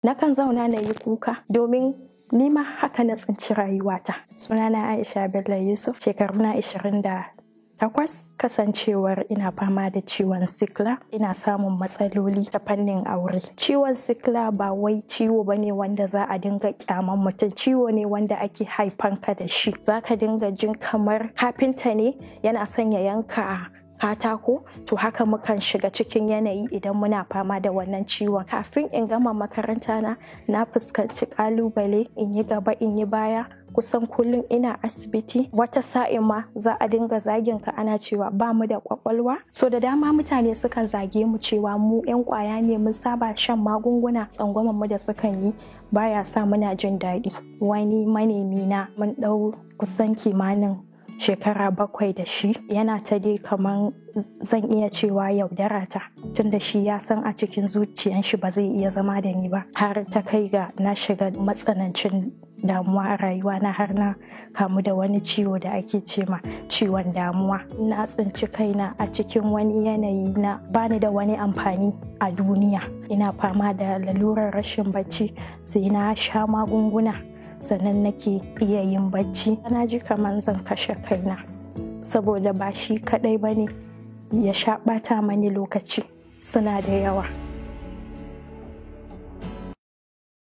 nakan zauna na yi kuka domin ni ma haka na tsinci rayuwata. Sunana Aisha Bello Yusuf, shekaruna 28, kasancewar ina fama da ciwon sikla, ina samun matsaloli ta fannin aure. Ciwon sikla ba wai ciwo ba ne wanda za a dinga kyaman mutum, ciwo ne wanda ake haifanka da shi. Za ka dinga jin kamar kafinta ne yana sanya yanka katako to haka mukan shiga cikin yanayi idan muna fama da wannan ciwon kafin in gama makaranta na na fuskanci kalubale in yi gaba in yi baya kusan kullum ina asibiti wata sa'in ma za a dinga zagin ka ana cewa ba mu da kwakwalwa so da dama mutane sukan zage mu cewa mu yan kwaya ne mun saba shan magunguna tsangwaman mu da sukan yi baya sa muna jin daɗi wani manemi na mun ɗau kusan kimanin shekara bakwai da shi yana ta dai kamar zan iya cewa yaudara ta tun da shi ya san a cikin zuciyan shi ba zai iya zama da ni ba har ta kai ga na shiga matsanancin damuwa a rayuwa na har na kamu da wani ciwo da ake ce ma ciwon damuwa na tsinci kaina a cikin wani yanayi na bani da wani amfani a duniya ina fama da lalurar rashin bacci sai na sha magunguna sannan nake iya yin bacci na ji kamar zan kashe kaina saboda ba shi kadai ba ne ya shaɓata mani lokaci suna da yawa